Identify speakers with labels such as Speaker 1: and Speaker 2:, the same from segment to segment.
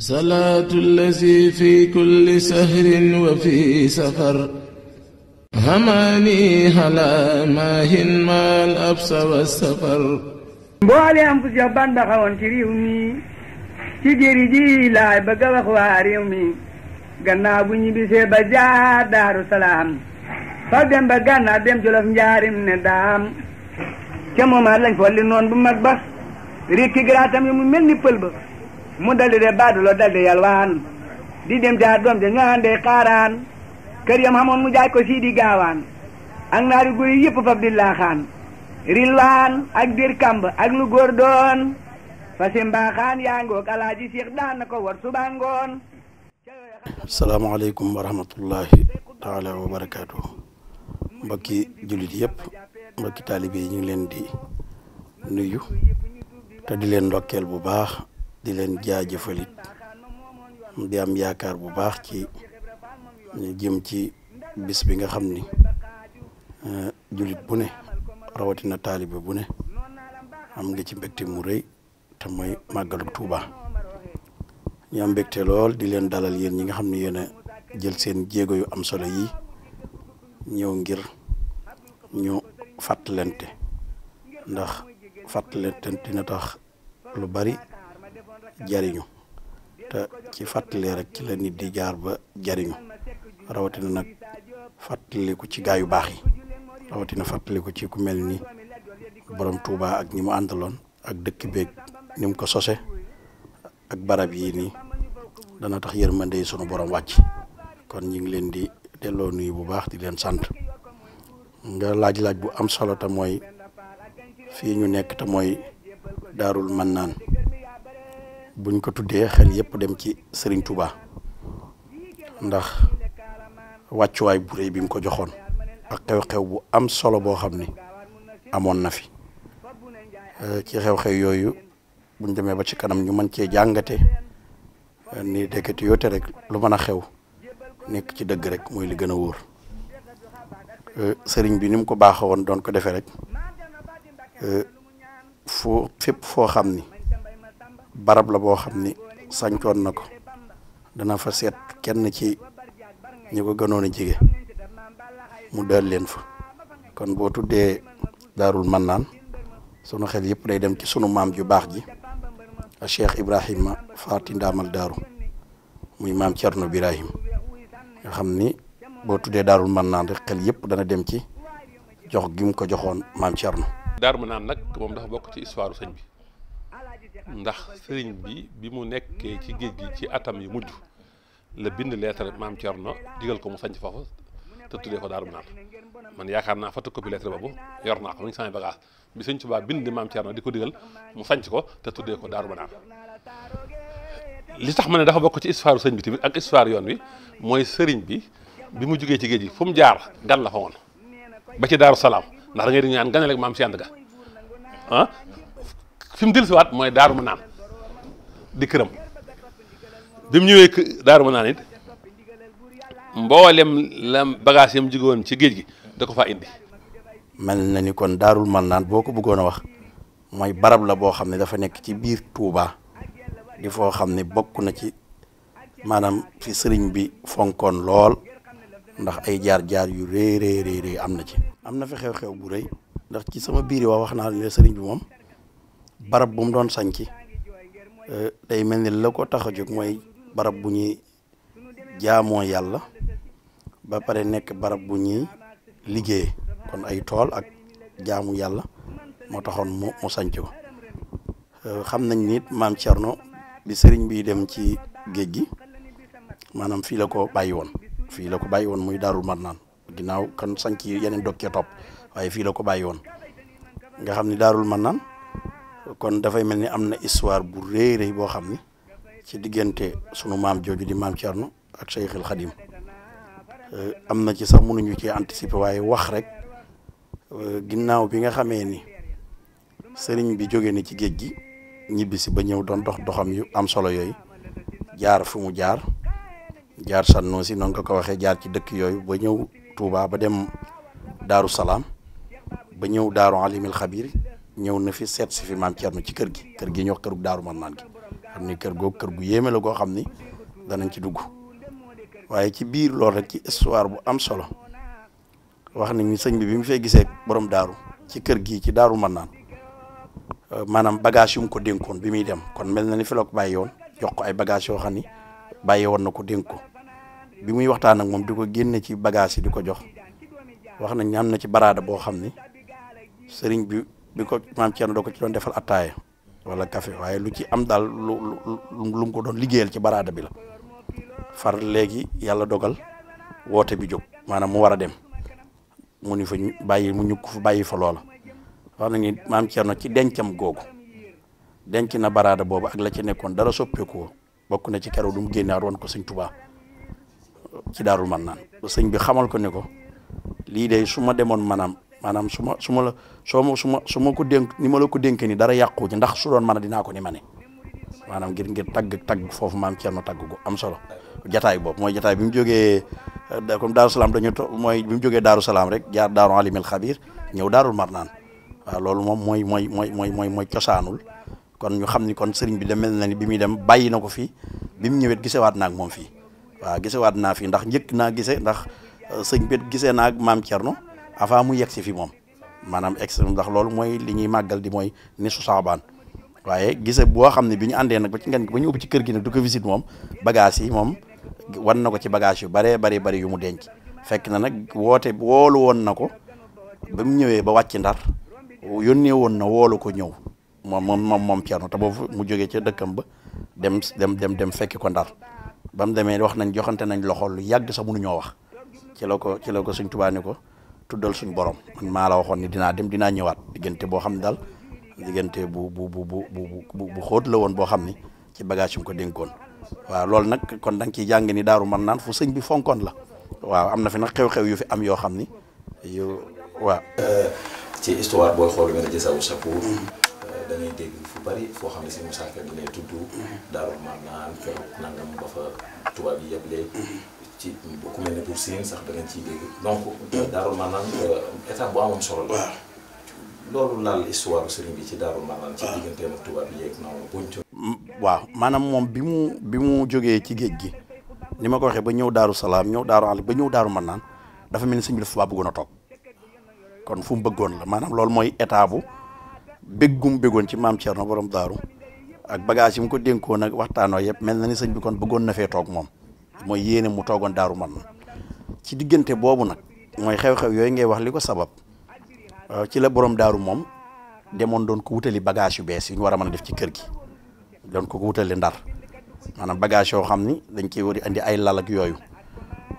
Speaker 1: salaatu lazi fi kulli sahrin wa fi safar hamaani halaa maahin maal absa wa safar mbooleem ku Seex Bamba xawoon ci réew mi ci jëri ji laay bëgg a wax waa réew mi gannaaw bu ñibbisee ba jaar daaru salaam fa dem ba gànnaar dem jolof njaarim ne daam ca moomaat lañ folli noon bu mag ba rékki garaatam yi mu mel ni pël ba mu daldi de baadulo daldi yalwaan di dem te doom ja ñoo àndee xaaraan kër yam mu jaay ko sii gaawaan ak naari guy yëpp fab di laaxaan rilwaan ak dir kamb ak lu góor doon fa simbaaxaan yaa ngoog alaaji Seex na ko war suba ngoon asalaamaaleykum wa rahmatullahi taala wa barakaatu mbokki jullit yëpp mbokki taalibe ñu ngi leen di nuyu te di leen bu baax di leen jaajëfalit di am yaakaar bu baax ci ñu jëm ci bis bi nga xam ni euh, jullit bu ne rawatina taalibe bu ne am nga ci mbégte mu rëy te mooy màggalu Tuuba ñu am lool di leen dalal yéen ñi nga xam ne yéen jël seen jéego yu am solo yi ñëw ngir ñu fàttalante ndax fàttalante dina tax lu bari jariñu te ci fàttali rek ci la nit di jaar ba jariñu rawatina nag fàttaliku ci gaa yu baax yi rawatina fàttaliku ci ku mel ni borom Touba ak ñi mu àndaloon ak dëkk beeg ni mu ko sose ak barab yii nii dana tax yërmande yi sunu borom wàcc kon ñu ngi leen di delloo nuyu bu baax di leen sant nga laaj-laaj bu am solo te mooy fii ñu nekk te mooy daarul naan buñ ko tuddee xel yëpp dem ci Serigne Touba ndax wàccuwaay bu rëy bi mu ko joxoon ak xew-xew bu am solo boo xam ni amoon na fi euh, ci xew-xew yooyu buñ demee ba ci kanam ñu mën cee jàngate euh, ni dekkati yoote rek lu mën a xew nekk ci dëgg rek mooy li gën a wóor euh, sëriñ bi ni ko baaxawoon doon ko defee rek foo fépp foo xam ni barab la boo xam ni sàncoon na ko dana fa seet kenn ci ñi ko gënoon a mu dal leen fa kon boo tuddee daarul mannaan sunu xel yëpp day dem ci sunu maam ju baax ji a cheikh ibrahima faati ndaamal daaru muy maam cerno birahim nga xam ni boo tuddee daarul mannaan rek xel yëpp dana dem ci jox gi mu ko joxoon maam cerno
Speaker 2: daaru mannaan nag moom dafa bokk ci histoire sëñ bi ndax sëriñ bi bi mu nekkee ci géej gi ci atam yu mujj la bind lettre maam Thierno digal ko mu sanc foofu te tuddee ko Daaru Minaan man yaakaar naa photocopie lettre boobu yor naa ko mu ngi bi sëñ Tuubaa bind maam Thierno di ko digal mu sanc ko te tuddee ko Daaru Minaan li tax ma ne dafa bokk ci histoire sëñ bi tamit ak histoire yoon bi mooy sëriñ bi bi mu jugee ci géej gi fu mu jaar gan la fa woon ba ci Daaru Salaam ndax da di ñaan ganale ak maam si ànd ga ah? fi mu dellusiwaat mooy daaru ma naan di këram bi mu ñëwee daaru ma naan mboolem la bagage yam jigoon ci géej gi da ko faa indi
Speaker 1: mel na ni kon daarul man naan boo ko bëggoon a wax mooy barab la boo xam ne dafa nekk ci biir Touba di foo xam ne bokk na ci maanaam fi sëriñ bi fonkoon lool ndax ay jaar-jaar yu re réy réy am na ci am na fi xew-xew bu rëy ndax ci sama biir yi wax naa sëriñ bi moom barab bu mu doon sañci eh, day mel ni la ko tax a jóg mooy barab bu ñuy jaamoo yàlla ba pare nekk barab bu ñuy liggéey kon ay tool ak jaamu yàlla moo taxoon mu mu ko eh, xam nañ nit maam Cerno bi sëriñ bi dem ci géej gi maanaam fii la ko bàyyi woon fii la ko bàyyi woon muy daarul marnaan ginnaaw kan sanc yeneen dokkee top waaye fii la ko bàyyi woon nga xam ni daarul marnaan kon dafay mel ni am na histoire bu rëy rëy boo xam ni ci diggante sunu maam jooju di maam Thierno ak Cheikhul Khadim euh, am na ci sax mënuñu ci anticiper waaye wax rek euh, ginnaaw bi nga xamee ni sëriñ bi jóge na ci géej gi ñibbisi ba ñëw doon dox doxam yu am solo yooyu jaar fu mu jaar jaar sànnoo si noonu nga ko waxee jaar ci dëkk yooyu ba ñëw tuubaa ba dem Daaru Salaam ba ñëw Daaru Alimil Xabir ñëw na fi seet si fi maam Thierno ci kër gi kër gi ñu wax kër gu Daaru Marnaan gi xam ni kër googu kër gu yéeme la goo xam ni danañ ci dugg waaye ci biir loolu rek ci histoire bu am solo wax nañ ni sëñ bi bi mu gisee borom daaru ci kër gii ci Daaru Marnaan euh, maanaam bagage yu mu ko dénkoon bi muy dem kon mel na ni fi ko bàyyi jox ko ay bagage yoo xam ni bàyyi woon na ko dénk ko bi muy waxtaan ak moom di ko génne ci bagage yi di ko jox wax nañ am na ci baraada boo xam ni sëriñ bi. bi ko maam Thierno doo ko ci doon defal attaaya wala café waaye lu ci am daal lu lum ko doon liggéeyal ci baraada bi la far léegi yàlla dogal woote bi jóg maanaam mu war a dem mu ni fa bàyyi mu ko fa bàyyi fa loola wax na ni maam ci dencam googu denc na baraada boobu ak la ci nekkoon dara soppeekoo bokk na ci keroog du mu génnaar woon ko sëñ Touba ci daarul man naan sëñ bi xamal ko ni ko lii de su demoon maanaam maanaam su ma su ma la soo ma su ma su ma ko dénk ni ma la ko dénk ni dara yàqu ci ndax su doon mën dinaa ko ni ma ne maanaam ngir ngir tagg tagg foofu maam Thierno tagg gu am solo jataay boobu mooy jataay bi mu jógee eh, comme Daaru Salaam dañu to mooy bi jógee Daaru Salaam rek jaar Daaru Alimil Xabiir ñëw Daarul Marnaan waaw loolu moom mooy mooy mooy mooy mooy mooy cosaanul kon ñu xam ni kon sëriñ bi de mel na ni bi muy dem bàyyi na ko fii bi mu ñëwet gisewaat naa ak moom fii waaw gisewaat naa fii ndax njëkk naa gise ndax eh, sëñ bi gisee naa ak maam avant mu yegg si fi moom maanaam egg ndax loolu mooy li ñuy màggal di mooy ni su waaye gise boo xam ne bi ñu àndee nag ba ci ngeen ba ñu ubbi ci kër gi nag du ko visite moom bagage yi moom wan na ko ci bagage yu baree bari bari yu mu denc fekk na nag woote woolu woon na ko ba mu ñëwee ba wàcc ndar yónnee woon na woolu ko ñëw moom moom moom moom Thierno te boobu mu jógee ca dëkkam ba dem dem dem dem fekki ko ndar ba mu demee wax nañ joxante nañ loxo lu yàgg sax mënuñoo wax ci la ko ci la ko Sëñ ko tuddal suñu borom man maa la waxoon ni dinaa dem dinaa ñëwaat diggante boo xam ne daal diggante bu bu bu bu bu bu la woon boo xam ni ci bagage yu ko dénkoon waaw loolu nag kon da nga ciy jàng ni daaru man naan fu sëñ bi fonkoon la waaw am na fi nag xew-xew yu fi am yoo xam ni yu waaw. ci histoire booy xool mel ne Jasawu Sapour. da ngay dégg fu bari foo xam ne si Moussa Ka dina tudd. daaru man naan keroog nangam ba fa tubaab yi yëpp ci waaw maanaam moom bi mu bi mu jógee ci géej gi ni ma ko waxee ba ñëw Daaru Salaam ñëw Daaru Ali ba ñëw Daaru man naan dafa mel ni sëñ bi dafa faa bëggoon a toog kon fu mu bëggoon la maanaam loolu mooy état bu bëggum bëggoon ci maam Thierno borom Daaru ak bagage yi mu ko dénkoon ak waxtaanoo yëpp mel na ni sëñ bi kon bëggoon na fee toog moom. mooy yéene mu toogoon daaru man ci diggante boobu nag mooy xew-xew yooyu ngay wax li ko sabab euh, ci la borom daaru moom demoon doon ko wutali bagage yu bees yu ñu war a mën a def ci kër gi doon ko wutali ndar maanaam bagage yoo xam ni dañ ciy war andi ay lal yooyu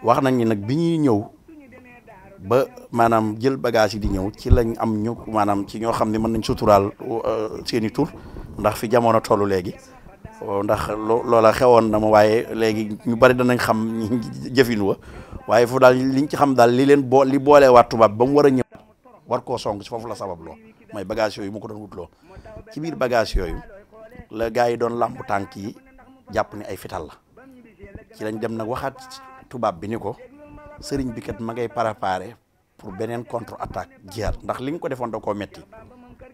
Speaker 1: wax nañ ni nag bi ñuy ñëw ba maanaam jël bagage yi di ñëw ci lañ am ñu maanaam ci ñoo xam ne mën nañ suturaal euh, seeni tur ndax fi jamono tollu léegi ndax loola xewoon na ma waaye léegi ñu bari danañ xam jëfin wa waaye foofu daal liñ ci xam daal li leen boo li boolee waat mu war a ñëw war koo song si la sabab loo mooy bagage yooyu mu ko doon wutloo ci biir bagage yooyu la yi doon làmp tànk yi jàpp ni ay fital la ci lañ dem nag waxaat tubaab bi ni ko sëriñ bi kat ma ngay pour beneen contre attaque jihaad ndax li nga ko defoon da koo metti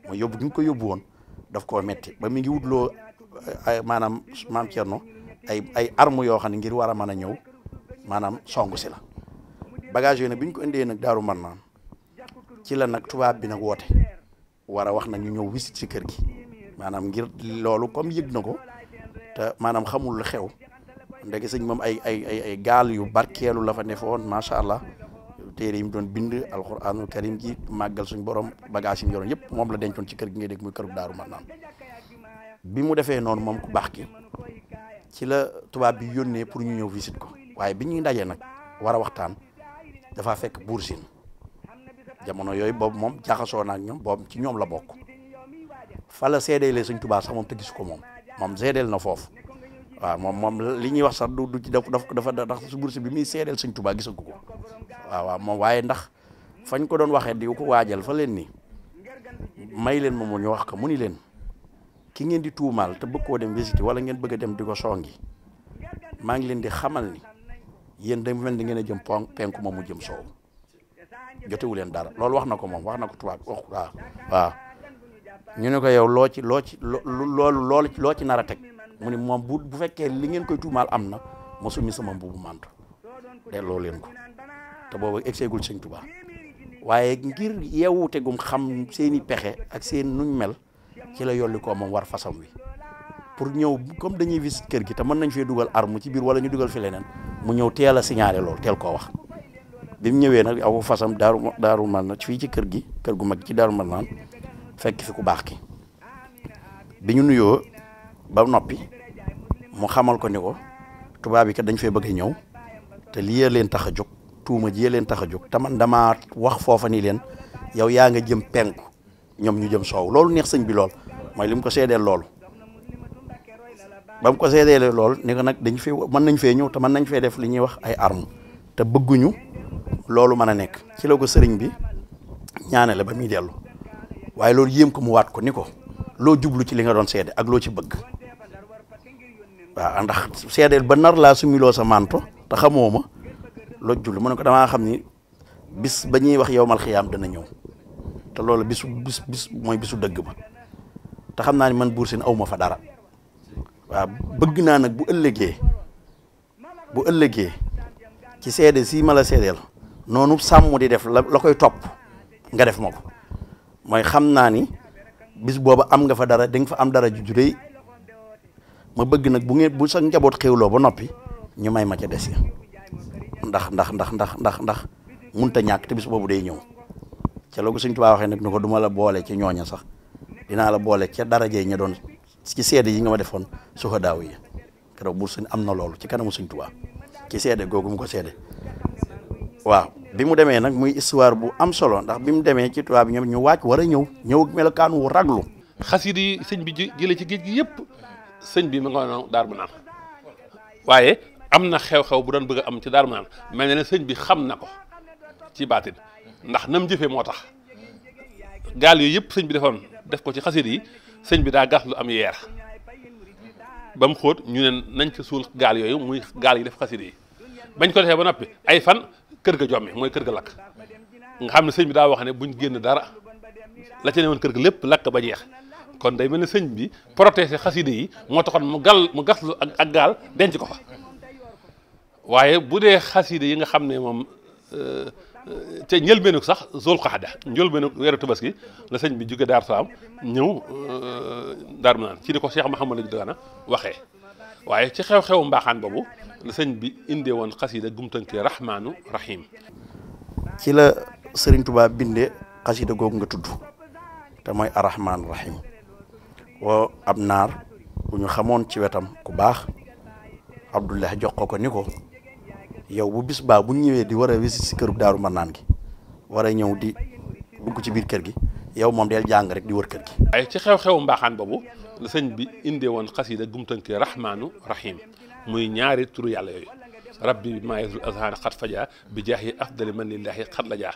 Speaker 1: mooy yóbbu ko yóbbu woon metti ba mi ngi wutloo ay maanaam maam Thierno ay ay armes yoo xam ne ngir war a mën a ñëw maanaam songu si la bagage yooyu nag bi ko indee nag daaru man naan ci la nag tubaab bi nag woote war a wax nag ñu ñëw wisit si kër gi maanaam ngir loolu comme yëg na ko te maanaam xamul xew ndeke sëñ moom ay ay ay ay gaal yu barkeelu la fa nefoon macha allah téere yi mu doon bind alxuraanul karim ji màggal suñ borom bagage yi yoroon yëpp moom la dencoon ci kër gi ngay dégg muy këru daaru man bi mu defee noonu moom ku baax ki ci la tubaab bi yónnee pour ñu ñëw visite ko waaye bi ñuy dajee nag war a waxtaan dafa fekk buur siin jamono yooyu boobu moom jaxasoo na ñoom boobu ci ñoom la bokk fa la seedeelee sëñ tubaa sax moom te gis ko moom moom seedeel na foofu waaw moom moom li ñuy wax sax du du ci dafa dafa su buur si bi muy seedeel sëñ Tuubaa gisagu ko waaw moom waaye ndax fañ ko doon waxee di ko waajal fa leen nii may leen moom ñu wax ko mu ni leen. ki ngeen di tuumaal te bëgg koo dem visiter wala ngeen bëgg a dem di ko songi maa ngi leen di xamal ni yéen dañu mel ni ngeen a jëm penku moom mu jëm soow jotewu leen dara loolu wax na ko moom wax na ko tubaab wax waaw waaw ñu ne ko yow loo ci loo ci loolu loolu loo ci nar a teg mu ne moom bu bu fekkee li ngeen koy tuumaal am na ma sama mbubu mànt delloo leen ko te boobu egseegul sëñ Tuubaa waaye ngir yeewute gum xam seeni pexe ak seen nuñ mel ci la yolli ko moom war fasam wi pour ñëw comme dañuy visite kër gi te mën nañ fee dugal ar mu ci biir wala ñu dugal fi leneen mu ñëw teel a signalé loolu teel koo wax bi mu ñëwee nag aw fasam daaru daaru man na fii ci kër gi kër gu mag ci daaru man naan fekk fi ku baax ki bi ñu nuyoo ba noppi mu xamal ko ni ko tubaab yi kat dañ fee bëgg a ñëw te lii leen tax a jóg tuuma ji leen tax a jóg te man dama wax foofa ni leen yow yaa ngi jëm penk ñoom ñu jëm soow loolu neex sëñ bi lool mooy li mu ko seedeel loolu ba mu ko seedeele lool ni ko nag dañ fi mën nañ fee ñëw te mën nañ fee def lu ñuy wax ay arme te bëgguñu loolu mën a nekk ci la ko sëriñ bi ñaanale ba muy dellu waaye loolu yéem ko mu waat ko ni ko loo jublu ci li nga doon seede ak loo ci bëgg waaw ndax seedeel ba nar laa sumiloo sa manto te xamoo ma loo jublu mu ne ko damaa xam ni bis ba ñuy wax yow mal xiyaam dana ñëw te loolu bisu bis bis mooy bisu dëgg ma te xam naa ne man buur seen awma fa dara waaw bëgg naa nag bu ëllëgee bu ëllëgee ci seede sii ma la seedeel noonu sàmm di def la la koy topp nga def ma ko mooy xam naa ni bis boobu am nga fa dara di fa am dara ju juree ma bëgg nag bu ngeen bu sa njaboot xéwloo ba noppi ñu may ma ca des ya ndax ndax ndax ndax ndax ndax munta ñàkk te bis boobu day ñëw ca la ko Sëñ Tuubaa waxee nag ni ko duma la boole ci ñooña sax dinaa la boole ca darajee ña doon ci seede yi nga ma defoon suxa daaw yi keroog bu suñ am na loolu ci kanamu Sëñ Tuubaa ci seede googu mu ko seede waaw bi mu demee nag muy histoire bu am solo ndax bi mu demee ci tubaab bi ñoom ñu wàcc war a ñëw ñëw kaanu wu raglu
Speaker 2: xasida yi sëñ bi jëlee ci géej gi yëpp sëñ bi ma nga no daar mu naan waaye am na xew-xew bu doon bëgg a am ci daar ma naan mel na ne sëñ bi xam na ko ci baatin ndax nam jëfee moo tax gaal yooyu yëpp sëñ bi defoon def ko ci xasit yi sëñ bi daa gas am yeer ba mu xóot ñu ne nañ ko suul gaal yooyu muy gaal yi def xasit yi bañ ko defee ba noppi ay fan kër ga jommi mooy kër ga lakk nga xam ne sëñ bi daa wax ne buñ génn dara la ca ne woon kër gi lépp lakk ba jeex kon day mel ne sëñ bi protéger xaside yi moo taxoon mu gal mu gaslu ak ak gaal denc ko fa waaye bu dee xaside yi nga xam ne moom euh, te njëlbéenu sax zul qaada njëlbéenu weeru tabaski la sëñ bi jóge daar saam ñëw euh, daar mu naan ci di ko Cheikh Mahamadou Dagana waxee waaye ci xew xew mbaaxaan boobu la sëñ bi indee woon xasida gum tënkee rahmaanu rahim
Speaker 1: ci la sëriñ Touba bindee xasida googu nga tudd te mooy arrahmaanu rahim woo ab naar bu ñu xamoon ci wetam ku baax Abdullah jox ko ko ni ko yow bu bis baa bu ñëwee di war a wisit si këru daaru mën naan gi war a ñëw di dugg ci biir kër gi yow moom del jàng rek di wër kër gi.
Speaker 2: waaye ci xew-xewu mbaaxaan boobu la sëñ bi indee woon xasida gum tënkee rahmaanu rahim muy ñaari turu yàlla yooyu rabbi bi maayetul azhaan xat faja bi jaahi afdali man lillahi xat la jaa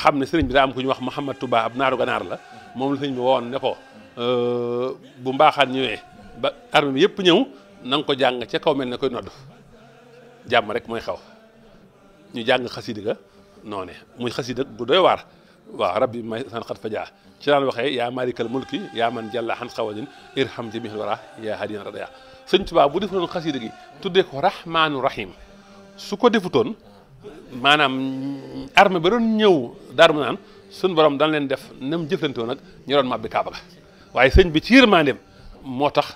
Speaker 2: xam ne sëriñ bi daa am ku ñu wax Mouhamad Touba ab naaru ganaar la moom la sëriñ bi wowoon ne ko euh, bu mbaaxaan ñëwee ba arme bi yëpp ñëw na ko jàng ca kaw mel ne koy nodd jàmm rek mooy xaw ñu jàng xasida ga noone muy xasida gu doy waar waaw rabbi may san xat fajaa ci daan waxee yaa malikal mulki yaa man jàlla xan xawadin irham jamihil wara yaa hadiyan radaya sëñ tubaa bu defutoon xasida gi tuddee ko rahmaanu rahim su ko defutoon maanaam armée ba doon ñëw daaru mu naan suñ borom dañ leen def na mu nag ñoroon doon màbbi kaaba ga waaye sëñ bi ci yërmandeem moo tax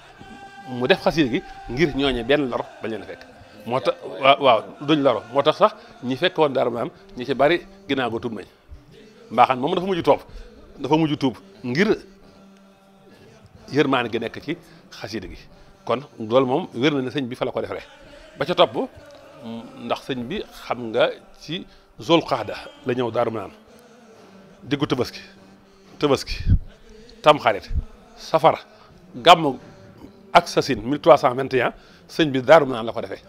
Speaker 2: mu def xasida gi ngir ñooñe benn lor bañ leen fekk moo tax waaw duñ loro moo tax sax ñi fekk woon daaru mu naan ñi ci bari ginnaaw go tuub nañ mbaaxaan moom dafa mujj toog dafa mujj tuub ngir yërmaane gi nekk ci xasida gi kon loolu moom wér na ne sëñ bi fa la ko defaree ba ca topp ndax sëñ bi xam nga ci zol xaada la ñëw daaru naan diggu tabaski tabaski tamxarit safara gàmm ak sasin 1321 sëñ bi daaru naan la ko defee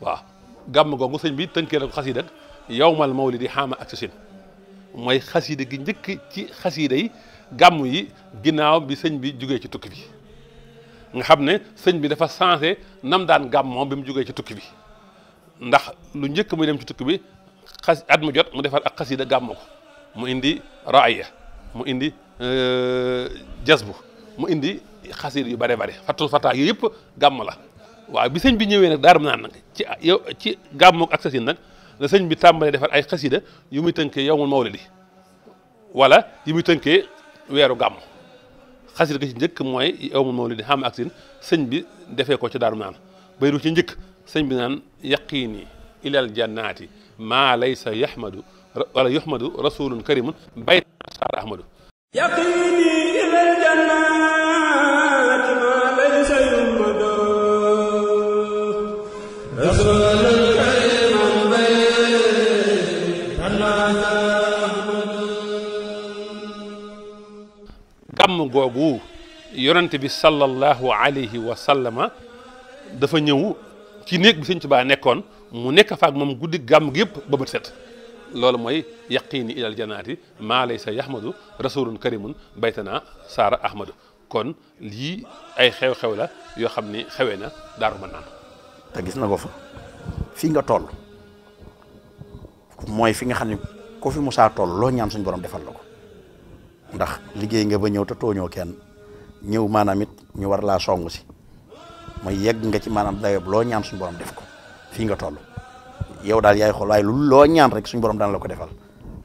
Speaker 2: waaw gàmm googu sëñ bi tënkee la ko xasiida ak yowmal mawlidi xaama ak sasin mooy xasiida gi njëkk ci xasiida yi gàmm yi ginnaaw bi sëñ bi jugee ci tukki bi nga xam ne sëñ bi dafa changé nam daan gàmmoo bi mu jugee ci tukki bi ndax lu njëkk muy dem ci tukki bi xas at mu jot mu defar ak xasida gàmm ko mu indi raaya mu indi euh, jazbu mu indi xasida yu bare bare fattul fataa yooyu yëpp gàmm la waaw bi sëñ bi ñëwee nag daaru naan nag ci yow ci gàmmook ak sasin nag la sëñ bi tàmbalee defar ay xasida yu muy tënkee mu yowmul mawlidi wala yu muy tënkee weeru gàmm xasida ga ci njëkk mooy yowmul mawlidi xam ak sin sëñ bi defee ko ci daaru naan bayru ci njëkk sëñ bi naan yaqiini ilal jannaati maa laysa yaxmadu wala yuxmadu rasulun karimun bayt sar ahmadu
Speaker 1: yaqiini ilal jannaati maa laysa
Speaker 2: yuxmadu rasulun karimun bayt ahmadu gàmm googu yonent bi sallallahu alayhi wa sallama dafa ñëw ci néeg bi sëñ baa nekkoon mu nekk faak moom guddi gàmm gi yëpp ba set loolu mooy yaqiini ilal janaati maa laysa yahmadu rasulun karimun baytana saara ahmadu kon lii ay xew-xew la yoo xam ni xewe na daaru mën naan
Speaker 1: te gis na ko fa fii nga toll mooy fi nga xam ne ku fi musaa toll loo ñaan suñ borom defal la ko ndax liggéey nga ba ñëw te tooñoo kenn ñëw maanaam it ñu war laa song si mooy yegg nga ci maanaam dayob loo ñaan suñu borom def ko fii nga toll yow daal yaay xool waaye loo ñaan rek suñu borom daan la ko defal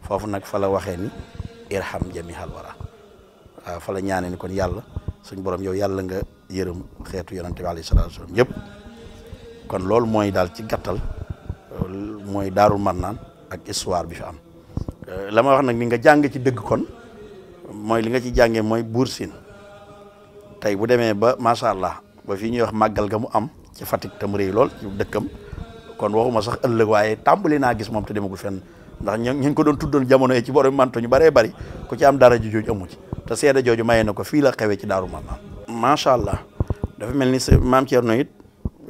Speaker 1: foofu nag fa la waxee ni irham jamihal wara waaw fa ñaanee ni kon yàlla suñ borom yow yàlla nga yërëm xeetu yonante bi alayhi salaatu wasallam yëpp loolu mooy daal ci gàttal mooy daarul marnaan ak histoire bi fi am la ma wax nag ni nga jàng ci dëgg kon mooy li nga ci jàngee mooy buur siin tey bu demee ba macha allah ba fii ñuy wax màggal ga mu am ci Fatick tam réy lool ci dëkkam kon waxuma sax ëllëg waaye tàmbali naa gis moom te demagul fenn ndax ñu ngi ko doon tuddoon jamono yi ci borom manto ñu bëree bëri ku ci am dara ji jooju amu ci te seede jooju maye na ko fii la xewee ci daaru maanaam macha allah dafa mel ni maam Thierno it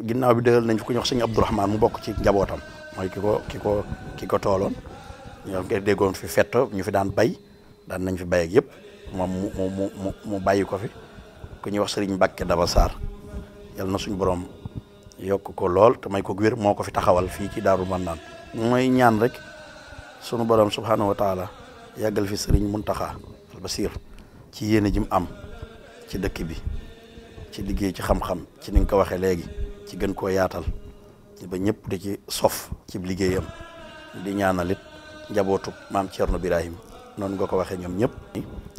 Speaker 1: ginnaaw bi dëgal nañ fi ku ñu wax sëñ Abdourahman mu bokk ci njabootam mooy ki ko ki ko ki ko tooloon ñoo ngi déggoon fi fetto ñu fi daan bay daan nañ fi bay yëpp moom mu mu mu mu bàyyi ko fi ku ñu wax sëriñ mbakke Daba saar yal na suñu borom yokk ko lool te may ko wér moo ko fi taxawal fii ci Daaru Marnaan mooy ñaan rek sunu borom subhaanahu wa taala yàggal fi sëriñ Muntaxa al Basiir ci yéene ji mu am ci dëkk bi ci liggéey ci xam-xam ci ning nga ko waxee léegi ci gën koo yaatal ba ñëpp di ci sof ci liggéeyam di ñaanalit njabootu maam Thierno Birahim noonu goo ko waxee ñoom ñëpp.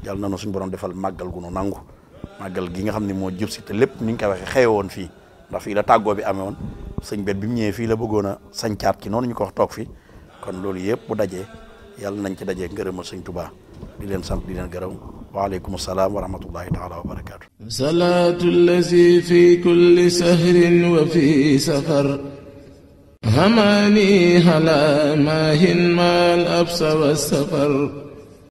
Speaker 1: yàlla na nu suñu borom defal màggal gu nu nangu. maa gi nga xam ne moo jub si te lépp ni ñu koy waxee xewe woon fii ndax fi la tàggoo bi amee woon sëñ bet bi mu ñëwee fii la bëggoon a sañcaat ki noonu ñu ko wax toog fi kon loolu yëpp daje dajee yàlla nañ ci daje dajee ngërëmal sëñ Tuubaa di leen sant di leen gërëm waaleykum salaam wa rahmatullahi taala wa barakaatu salaatu llazi fi kulli sahrin wa fi safar hamaani hala maahin maal absa a safar